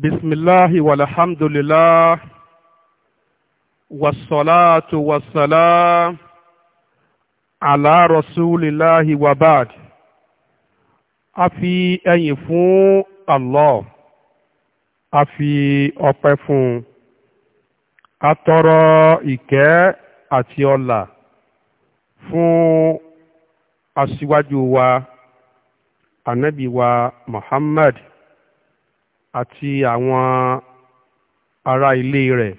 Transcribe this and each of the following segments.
بسم الله والحمد لله والصلاة والسلام على رسول الله وبعد أفي أي فون الله أفي أفي فون atọrọ ìkẹ́ àti ọlà fún aṣíwájú wa ànábì wa Muhammad àti àwọn ará ilé rẹ̀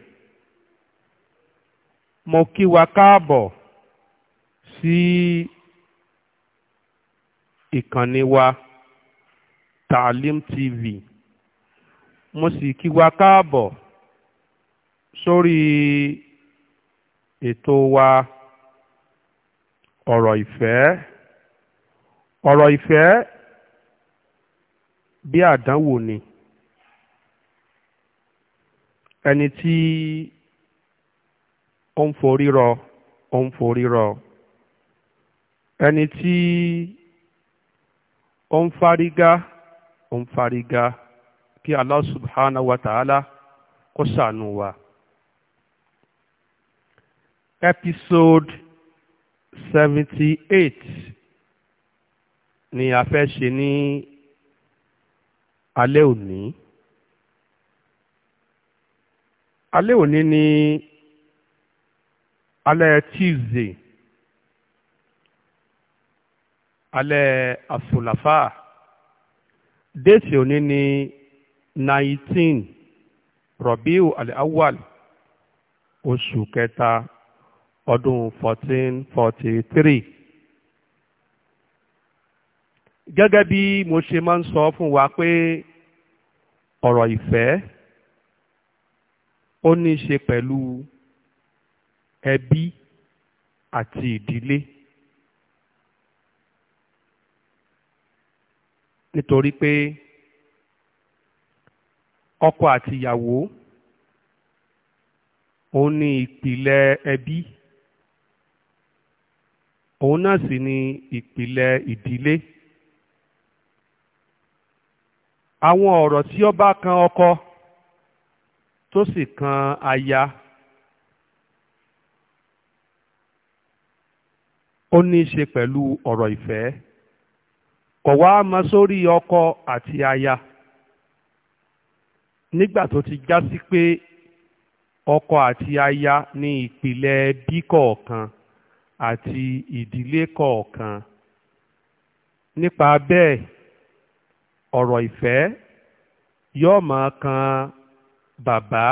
mo kí wa káàbọ̀ sí ìkànnì wa Taalim TV mo sì kí wa káàbọ̀ sórí ètò wa ọ̀rọ̀ ìfẹ́ ọ̀rọ̀ ìfẹ́ bí àdánwò ni. ẹni tí ó ń forí rọ ó ń forí rọ ẹni tí ó ń fárígá ó ń fárígá kí wa episode seventy ni a fẹ́ ṣe ní alẹ́ òní. alẹ́ òní ni alẹ́ Tuesday alẹ́ asòlàfà déètì òní ni nineteen rọ̀bíù alẹ́ awal oṣù kẹta ọdún fourteen forty three gẹ́gẹ́ bí mo ṣe máa ń sọ fún wa pé ọ̀rọ̀ ìfẹ́ ó ní í ṣe pẹ̀lú ẹbí àti ìdílé nítorí pé ọkọ àti ìyàwó òun ni ìpìlẹ̀ ẹbí òun náà sì ni ìpìlẹ̀ ìdílé àwọn ọ̀rọ̀ tí ó kan ọkọ tó sì kan aya ó ní í ṣe pẹ̀lú ọ̀rọ̀ ìfẹ́ kò wá mọ sórí ọkọ àti aya nígbà tó ti já sí pé ọkọ àti aya ní ìpìlẹ̀ ẹbí kọ̀ọ̀kan àti ìdílé kọ̀ọ̀kan nípa bẹ́ẹ̀ ọ̀rọ̀ ìfẹ́ yóò máa kan bàbá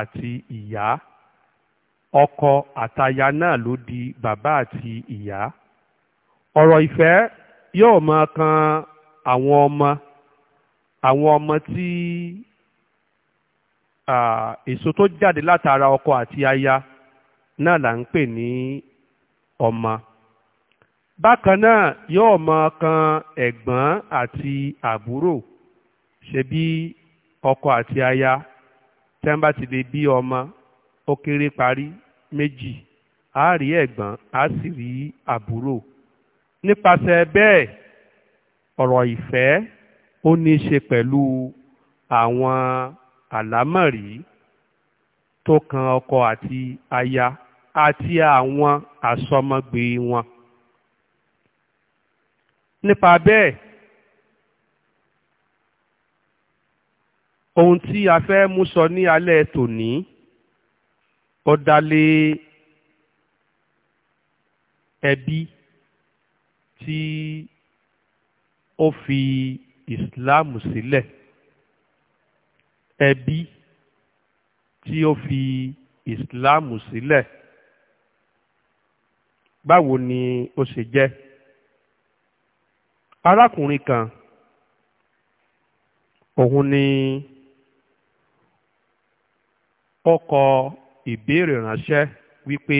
àti ìyá ọkọ àtaya náà ló di bàbá àti ìyá ọ̀rọ̀ ìfẹ́ yóò máa kan àwọn ọmọ àwọn ọmọ tí èso tó jáde látara ọkọ àti aya náà là ń pè ní ọmọ bákan náà yóò máa kan ẹ̀gbọ́n àti àbúrò ṣebí ọkọ àti aya tẹ́n bá ti lè bí ọmọ ó kéré parí méjì á rí ẹ̀gbọ́n á sì rí àbúrò nípasẹ̀ bẹ́ẹ̀ ọ̀rọ̀ ìfẹ́ ó ní í ṣe pẹ̀lú àwọn àlámọ̀rí tó kan ọkọ àti aya àti àwọn àsọmọgbé wọn nípa bẹ́ẹ̀ ohun tí a fẹ́ mú sọ ní alẹ́ tòní ó dá lé ẹbí tí ó fi ìsìláàmù sílẹ̀ ẹbí tí ó fi ìsìláàmù sílẹ̀ báwo ni ó ṣe jẹ́ arákùnrin kan òun ni. Ni ó kọ ìbéèrè ránṣẹ́ wípé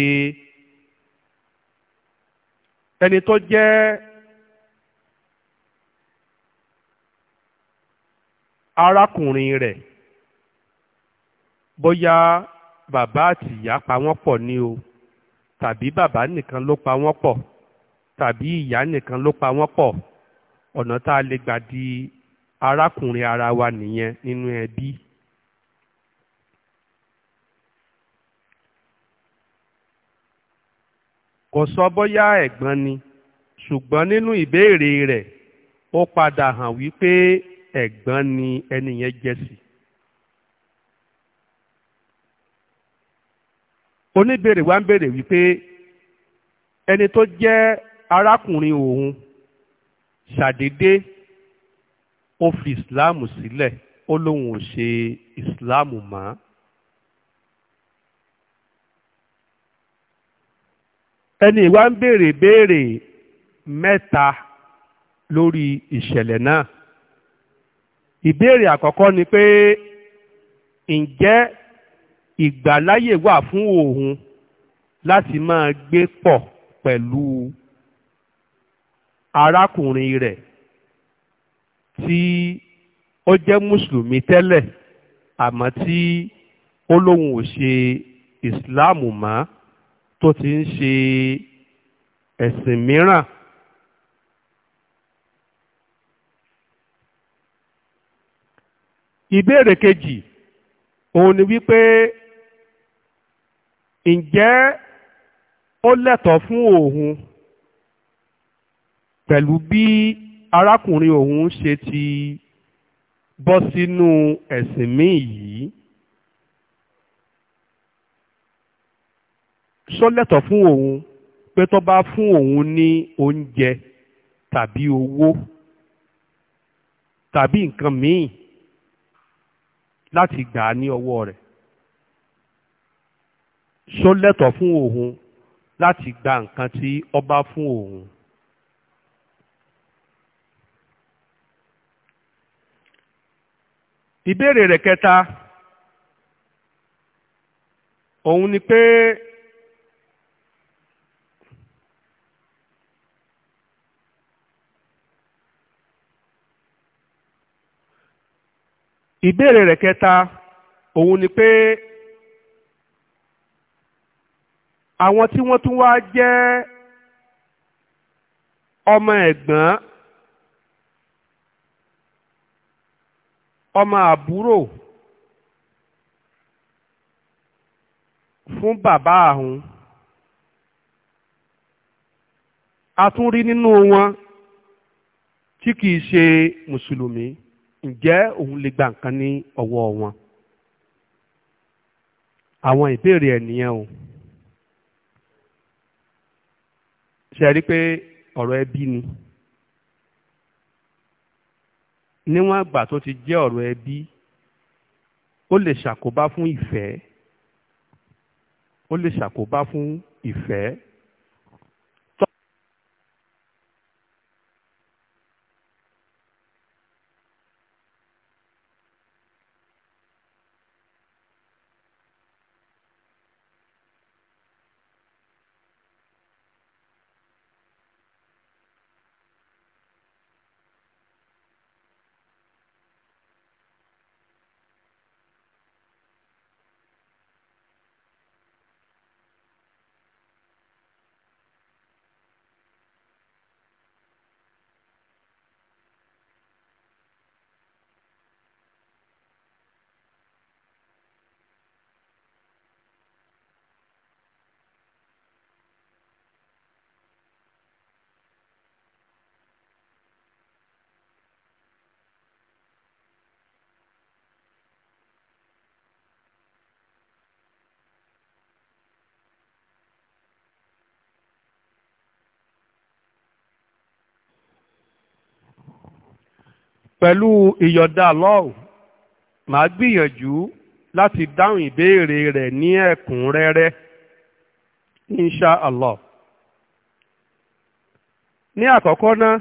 ẹni tó jẹ́ arákùnrin rẹ̀ bóyá bàbá àti ìyá pa wọ́n pọ̀ ni o tàbí bàbá nìkan ló pa wọ́n pọ̀ tàbí ìyá nìkan ló pa wọ́n pọ̀ ọ̀nà tá a lè gbà di arákùnrin ara wa nìyẹn nínú ẹbí. E kò sọ bóyá ẹ̀gbọ́n ni ṣùgbọ́n nínú ìbéèrè rẹ̀ ó padà hàn wípé ẹ̀gbọ́n ni ẹni yẹn jẹ́ sí. oníbèrè wa ń béèrè wípé ẹni tó jẹ́ arákùnrin òun ṣàdédé ó fi ìsìláàmù sílẹ̀ ó lóun ò ṣe ìsìláàmù mọ́. ẹni ìwà ń béèrè béèrè mẹ́ta lórí ìṣẹ̀lẹ̀ náà ìbéèrè àkọ́kọ́ ni pé ǹjẹ́ ìgbàláyè wà fún òun láti máa gbé pọ̀ pẹ̀lú arákùnrin rẹ̀ tí ó jẹ́ mùsùlùmí tẹ́lẹ̀ àmọ́ tí ó lóun ò ṣe ìsìláàmù mọ́ tó ti ń ṣe ẹ̀sìn mìíràn ìbéèrè kejì òun ni wípé ǹjẹ́ ó lẹ́tọ̀ọ́ fún òun pẹ̀lú bí arákùnrin òun ṣe ti bọ́ sínú ẹ̀sìn míì yìí sọ́lẹ̀tọ̀ fún òun pé tó bá fún òun ní oúnjẹ tàbí owó tàbí nǹkan míì láti gbà á ní ọwọ́ rẹ̀ sọ́lẹ̀tọ̀ fún òun láti gba nǹkan tí ọba fún òun. ìbéèrè rẹ̀ kẹta òun ni pé ìbéèrè rẹ̀ kẹta òun ni pé àwọn tí wọ́n tún wá jẹ́ ọmọ ẹ̀gbọ́n ọmọ àbúrò fún bàbá àhún a tún rí nínú wọn tí kìí ṣe mùsùlùmí ǹjẹ́ òun lè gba nǹkan ní ọwọ́ wọn àwọn ìbéèrè ẹ̀ nìyẹn o ṣe rí pé ọ̀rọ̀ ẹbí ni níwọ̀n àgbà tó ti jẹ́ ọ̀rọ̀ ẹbí ó lè ṣàkóbá fún ìfẹ́ ó lè ṣàkóbá fún ìfẹ́. pẹ̀lú ìyọ̀dá lọ́wọ́ màá gbìyànjú láti dáhùn ìbéèrè rẹ̀ ní ẹ̀kúnrẹ́rẹ́ insha allah ní àkọ́kọ́ náà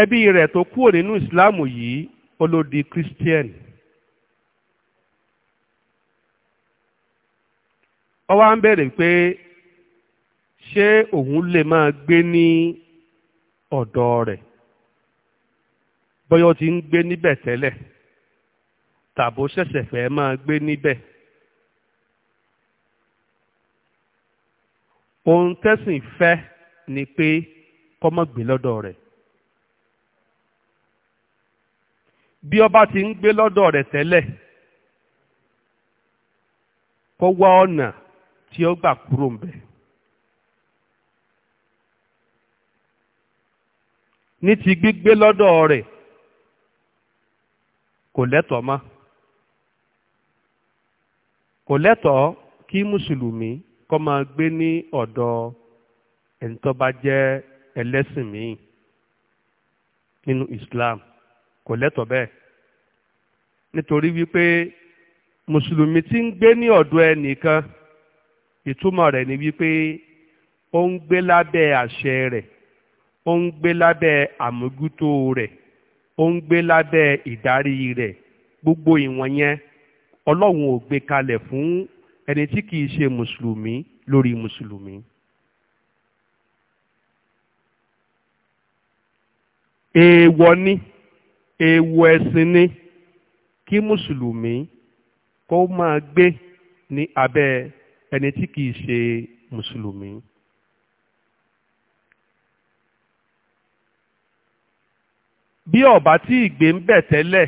ẹbí rẹ̀ tó kúrò nínú ìsìláàmù yìí olódi ló di christian ó wá ń bèèrè pé ṣé òun lè máa gbé ní ọ̀dọ̀ rẹ̀ bọ́yọ́ ti ń gbé níbẹ̀ tẹ́lẹ̀ tàbó ṣẹ̀ṣẹ̀ fẹ́ máa gbé níbẹ̀. ohun tẹ́sìn fẹ́ ni pé kọ́mọ́ gbé lọ́dọ̀ rẹ̀. bí ọba ti ń gbé lọ́dọ̀ rẹ̀ tẹ́lẹ̀ kó wá ọ̀nà tí ó gbà kúrò ń bẹ̀. ní ti gbígbé lọ́dọ̀ rẹ̀ kò lẹ́tọ̀ọ́ mọ́ kò lẹ́tọ̀ọ́ kí mùsùlùmí kó máa gbé ní ọ̀dọ̀ ẹni jẹ́ ẹlẹ́sìn míì nínú Islam kò lẹ́tọ̀ọ́ bẹ́ẹ̀ nítorí wípé mùsùlùmí tí ń gbé ní ọ̀dọ̀ ẹnìkan ìtumọ̀ rẹ̀ ni wípé ó ń gbé lábẹ́ àṣẹ rẹ̀ ó ń gbé lábẹ́ àmójútó rẹ̀ ó ń gbé lábẹ́ ìdarí rẹ̀ gbogbo ìwọ̀n yẹn ọlọ́run ò gbé kalẹ̀ fún ẹni tí kìí ṣe mùsùlùmí lórí mùsùlùmí. èèwọ̀ ni èèwọ̀ ẹ̀sìn ni kí mùsùlùmí kó máa gbé ní abẹ́ ẹni tí kìí ṣe mùsùlùmí. bí ọba tí ìgbé ń bẹ̀ tẹ́lẹ̀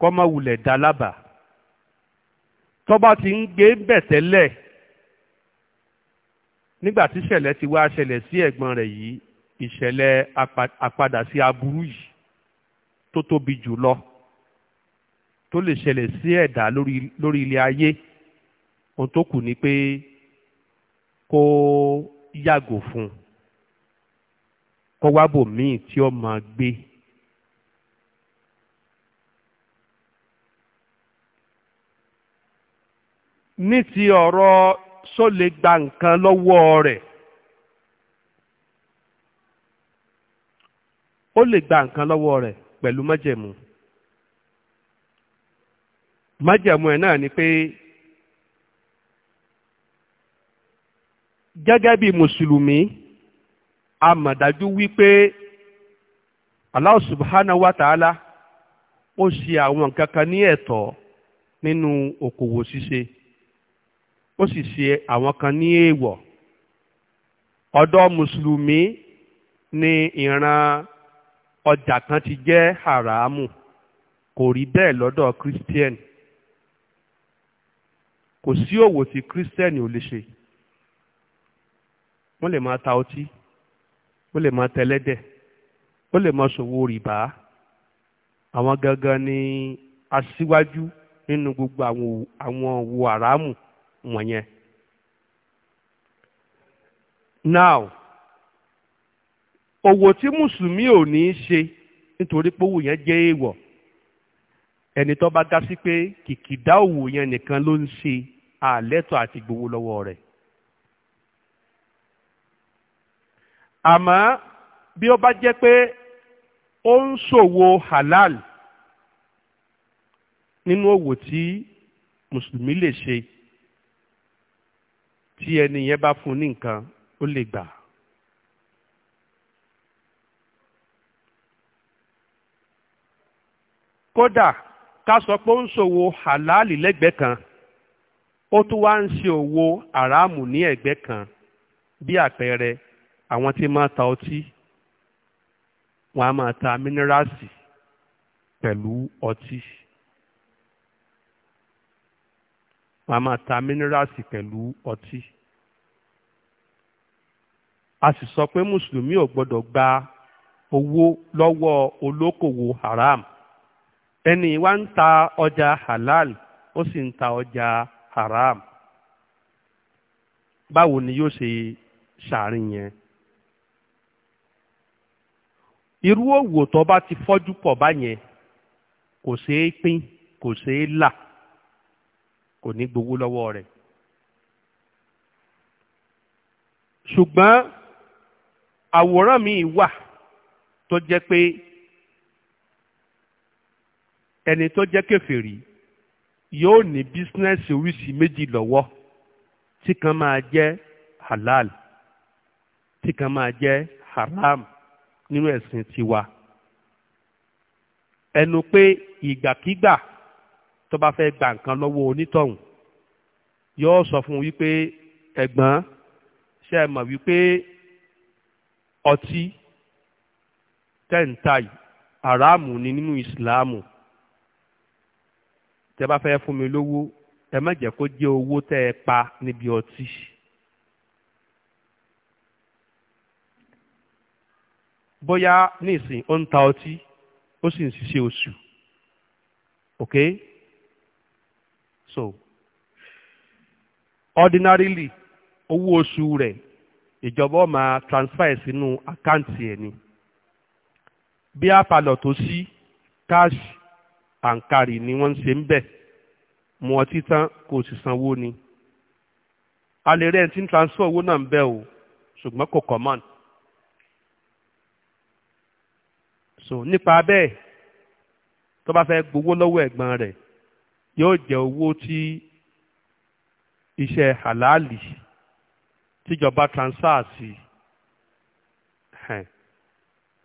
kọ́mọwulẹ̀ dá lábàá tọ́ba ti ń gbé ń bẹ̀ tẹ́lẹ̀ nígbà tí ìṣẹ̀lẹ̀ ti wá ṣẹlẹ̀ sí ẹ̀gbọ́n rẹ̀ yìí ìṣẹ̀lẹ̀ àpadà sí aburú yìí tó tóbi jù lọ tó lè ṣẹlẹ̀ sí ẹ̀dá lórí ilé ayé ohun tó kù ni pé kó yàgò fún un kó wá bò míì tí ó máa gbé. ní ti ọ̀rọ̀ só lè gba nǹkan lọ́wọ́ rẹ̀ ó lè gba nǹkan lọ́wọ́ rẹ̀ pẹ̀lú májẹ̀mú májẹ̀mú ẹ̀ náà ni pé gẹ́gẹ́ bí mùsùlùmí a mọ̀ dájú wípé Allah subhanahu wa ta'ala ó ṣe àwọn nǹkan kan ní ẹ̀tọ́ nínú okòwò ṣíṣe ó sì ṣe àwọn kan ní èèwọ̀ ọ̀dọ̀ mùsùlùmí ni ìran ọjà kan ti jẹ́ haramu kò rí bẹ́ẹ̀ lọ́dọ̀ christian kò sí òwò tí christian ò lè ṣe wọ́n lè máa ta ọtí ó lè máa tẹlẹ́dẹ̀ ó lè máa ṣòwò rìbá àwọn gangan ni aṣíwájú nínú gbogbo àwọn òwò àràmù wọ̀nyẹn. now òwò tí mùsùlùmí ò ní í ṣe nítorí pé òwò yẹn jẹ́ èèwọ̀ ẹni tó bá dá sí pé kìkìdá òwò yẹn nìkan ló ń ṣe àlẹ́tọ̀ àti gbowó lọ́wọ́ rẹ̀ àmọ́ bí ó bá jẹ́ pé ó ń ṣòwò halal nínú òwò tí mùsùlùmí lè ṣe tí ẹni yẹn bá fún ní nǹkan ó lè gbà. kódà ká sọ pé ó ń ṣòwò halal lẹ́gbẹ̀ẹ́ kan ó tún wá ń ṣe òwò àràmù ní ẹ̀gbẹ́ kan bí àpẹẹrẹ àwọn tí máa ta ọtí ma ma máa ta mínírààsì pẹ̀lú ọtí wọ́n á máa ta mínírààsì pẹ̀lú ọtí a sì sọ pé mùsùlùmí ò gbọ́dọ̀ gba owó lọ́wọ́ olókòwò haram ẹni wa ń ta ọjà halal ó sì ń ta ọjà haram báwo ni yóò ṣe ṣàárín yẹn irú òwò tó bá ti fọ́jú pọ̀ báyẹn kò ṣeé pín kò ṣeé là kò ní gbowó lọ́wọ́ rẹ̀ ṣùgbọ́n àwòrán mi wà tó jẹ́ pé ẹni tó jẹ́ kèfèrí yóò ní bísínẹ́sì oríṣi méjì lọ́wọ́ tí kan máa jẹ́ halal tí kan máa jẹ́ haram nínú ẹ̀sìn tiwa ẹnu pé ìgbàkígbà tó bá fẹ́ gba nǹkan lọ́wọ́ onítọ̀hún yóò sọ fún wípé ẹ̀gbọ́n ṣe mọ̀ wípé ọtí tẹ́ǹtàì àràmù ni nínú ìsìláàmù tẹ́ bá fẹ́ fún mi lówó ẹ má jẹ́ kó jẹ́ owó tẹ́ ẹ pa níbi ọtí. bóyá ní ìsìn ó ń ta ọtí ó sì ń ṣiṣẹ́ oṣù ok so ordinarily owó oṣù rẹ̀ ìjọba ó máa transfer sínú àkáǹtì ẹ̀ ni bí apalọ̀ tó sí cash and carry ni wọ́n ń ṣe ń bẹ̀ mu ọtí tán kò sì sanwó ni a lè rẹ́ẹ̀ tí ń transfer owó náà ń bẹ̀ o ṣùgbọ́n kò command so nípa bẹ́ẹ̀ tó bá fẹ́ gbowó lọ́wọ́ ẹ̀gbọ́n rẹ̀ yóò jẹ́ owó tí iṣẹ́ halali tíjọba transfer sí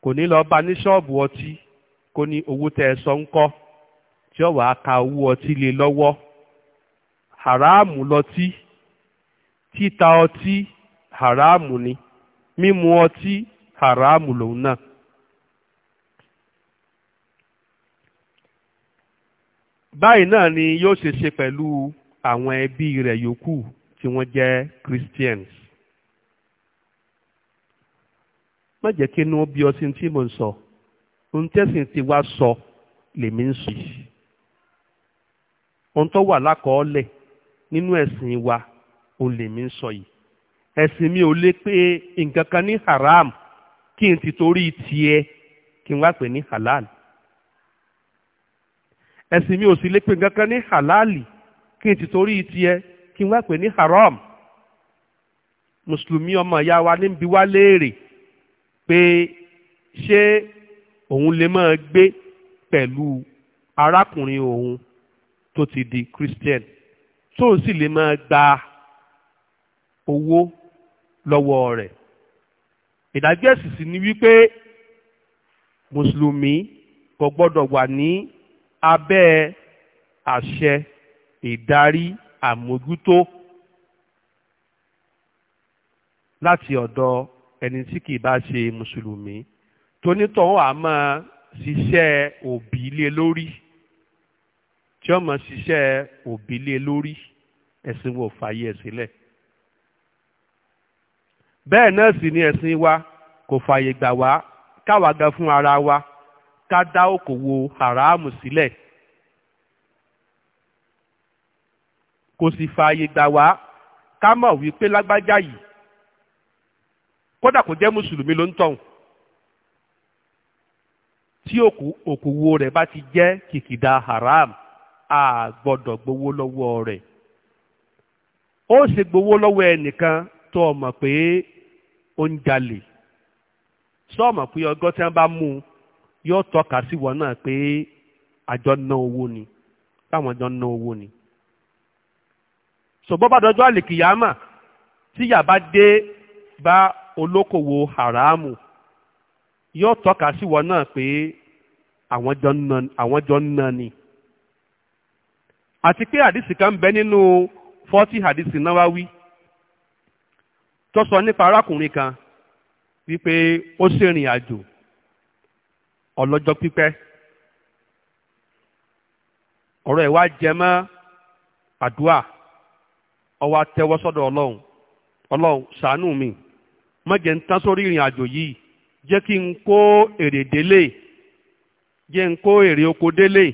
kò ní lọ́ọ́ bá ní ṣọ́ọ̀bù ọtí kó ní owó tẹ́ ẹ sọ ń kọ́ tí ó wàá ka owó ọtí lé lọ́wọ́ haramu lọtí títa ọtí haramu ni mímu ọtí haramu lòun náà. báyìí náà ni yóò ṣe ṣe pẹ̀lú àwọn ẹbí rẹ̀ yòókù tí wọ́n jẹ́ Christians. má jẹ́ kí inú bí ọtí tí mo ń sọ ohun tẹ́sìn ti wá sọ lèmi ń sọ yìí. ohun tó wà lákọọ́lẹ̀ nínú ẹ̀sìn wa òun lèmi ń sọ yìí. ẹ̀sìn mi ò lè pé nǹkan kan ní haram kí n ti torí tiẹ̀ kí n wá pè ní halal ẹ̀sìn mi ò sì lè pè nǹkan ní halali kí n ti torí tiẹ̀ kí n wá pè ní haram mùsùlùmí ọmọ ìyá wa níbi wá léèrè pé ṣé òun lè máa gbé pẹ̀lú arákùnrin òun tó ti di christian tóun sì lè máa gba owó lọ́wọ́ rẹ̀ ìdájọ́ ẹ̀sìn sì ni wípé mùsùlùmí kò gbọ́dọ̀ wà ní abẹ́ àṣẹ ìdarí àmójútó láti ọ̀dọ̀ ẹni tí kì í bá ṣe mùsùlùmí tonítọ̀hún á máa ṣiṣẹ́ òbí lé lórí tí ó máa ṣiṣẹ́ òbí lé lórí ẹ̀sìn wo fàyè ẹ̀ bẹ́ẹ̀ náà sì ni ẹ̀sìn wa kò fàyè gbà wá káwa gan fún ara wa ká dá òkòwò haramu sílẹ̀ kò sì fààyè gbà wá ká mọ̀ wípé lágbájá yìí kódà kò jẹ́ mùsùlùmí ló ń tọ̀hún tí òkòwò rẹ̀ bá ti jẹ́ kìkìdá haram a gbọ́dọ̀ gbowó lọ́wọ́ rẹ̀ ó sì gbowó lọ́wọ́ ẹnìkan tó o mọ̀ pé ó ń jalè sọ́ọ̀mọ̀ pé ọgọ́ tí wọ́n bá mú un yóò tọ́ka sí wọn náà pé àjọ ná owó ni táwọn àjọ ná owó ni. sọ̀bọ́ bá dọjọ́ àlèkìyàmà tíyà bá dé bá olókòwò haramu yóò tọ́ka sí wọn náà pé àwọn jọ ń ná ni. àti pé àdìsí kan bẹ nínú fọ́tí àdìsí náwáwí tó sọ nípa arákùnrin kan wípé ó ṣèrìn àjò ọlọ́jọ́ pípẹ́ ọ̀rọ̀ ẹ̀ wá jẹ mọ́ àdúà ọwọ́ àtẹwọ́ sọ́dọ̀ ọlọ́run ọlọ́run mi má ń tán sórí ìrìn àjò yìí jẹ́ kí n kó èrè délé jẹ́ n kó èrè oko délé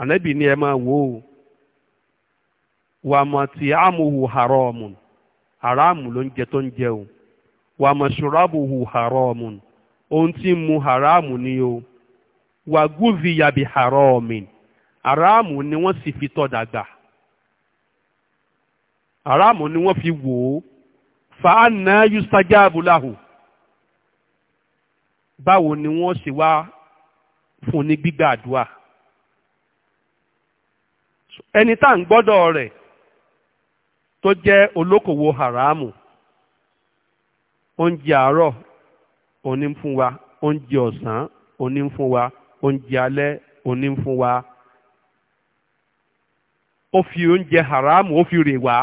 ànábì ni ẹ máa wò ó wàmọ̀ tí àmùhù haramun ló ń jẹ tó ń jẹun ohun tí ń mu haramu ni o wàgúvi yàbí haramin haramu ni wọ́n sì fi tọ́ dàgbà haramu ni wọ́n fi wò ó fàánà yustajabu lahu báwo ni wọ́n ṣe wá fún ní gbígbàdúà ẹni tá à ń gbọ́dọ̀ rẹ̀ tó jẹ́ olókòwò haramu oúnjẹ àárọ̀ oní ń fún wa oúnjẹ ọ̀sán oní ń fún wa oúnjẹ alẹ́ oní ń fún wa ó fi oúnjẹ haramu ó fi rè wá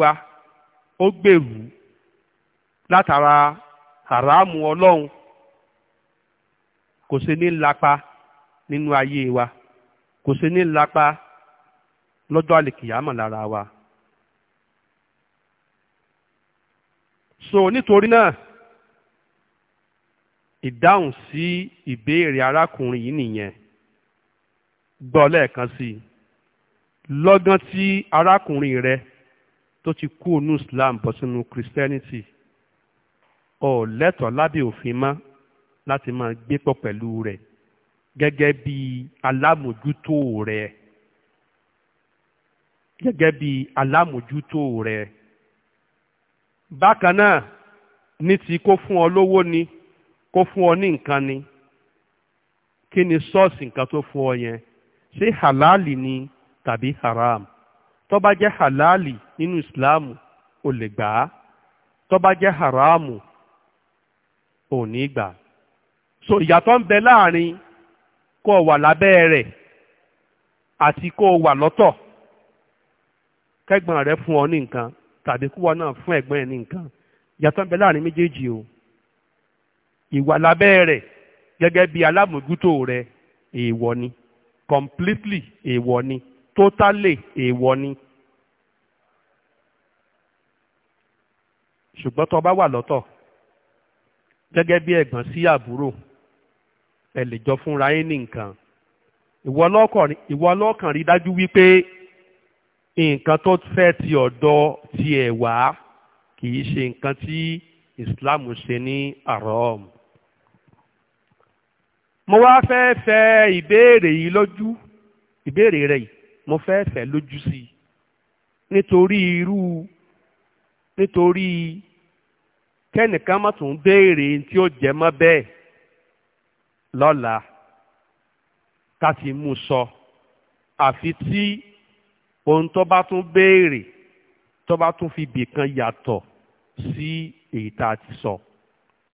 wa ó gbèrú látara haramu ọlọ́run kò ṣe ní lapa nínú ayé wa kò ṣe ní lapa lọ́jọ́ àlèkìyàmọ̀ lára wa. so nítorí náà ìdáhùn sí ìbéèrè arákùnrin yìí nìyẹn gbọ́ lẹ́ẹ̀kan sí i lọ́gán tí arákùnrin rẹ tó ti kú onú Islam bọ́ sínú Christianity ọ̀ lẹ́tọ̀ọ́ lábẹ́ òfin mọ́ láti máa gbé pọ̀ pẹ̀lú rẹ̀ gẹ́gẹ́ bí alámòjútó rẹ̀ gẹ́gẹ́ bí alámòjútó rẹ̀ bákan náà ní ti kó fún ọ lówó ni kó fún ọ ní nǹkan ni kí ni sọ́ọ̀sì nǹkan tó fún ọ yẹn ṣé halali ni tàbí haram tó bá jẹ́ halali nínú ìsìláàmù o lè gbà á tó bá jẹ́ haramu ò ní gbà so ìyàtọ̀ ń bẹ láàrin kó o wà lábẹ́ rẹ̀ àti kó o wà lọ́tọ̀ kẹ́gbọ́n rẹ fún ọ ní nǹkan tàbí kúwọ náà fún ẹ̀gbọ́n ẹ̀ ní nǹkan yàtọ̀ ń bẹ láàrin méjèèjì o ìwà lábẹ́ rẹ̀ gẹ́gẹ́ bí alámòjútó rẹ̀ èèwọ̀ ni completely èèwọ̀ ni totally èèwọ̀ ni. ṣùgbọ́n tó bá wà lọ́tọ̀ gẹ́gẹ́ bí ẹ̀gbọ́n sí àbúrò ẹ lè jọ fúnra yín ní nǹkan ìwọ ọlọ́kàn rí dájú wípé nǹkan tó fẹ́ ti ọ̀dọ̀ tiẹ̀ wá kì í ṣe nǹkan tí Islam ṣe ní àrọ́m. mo wá fẹ́ fẹ́ ìbéèrè yìí lójú ìbéèrè rẹ̀ yìí mo fẹ́ fẹ́ lójú sí i nítorí irú nítorí kẹ́nìkan má tún béèrè tí ó jẹ mọ́ bẹ́ẹ̀ lọ́la ká sì mú sọ àfi tí ohun tó bá tún béèrè tó bá tún fi bìkan yàtọ̀ sí èyí tá a ti sọ. So.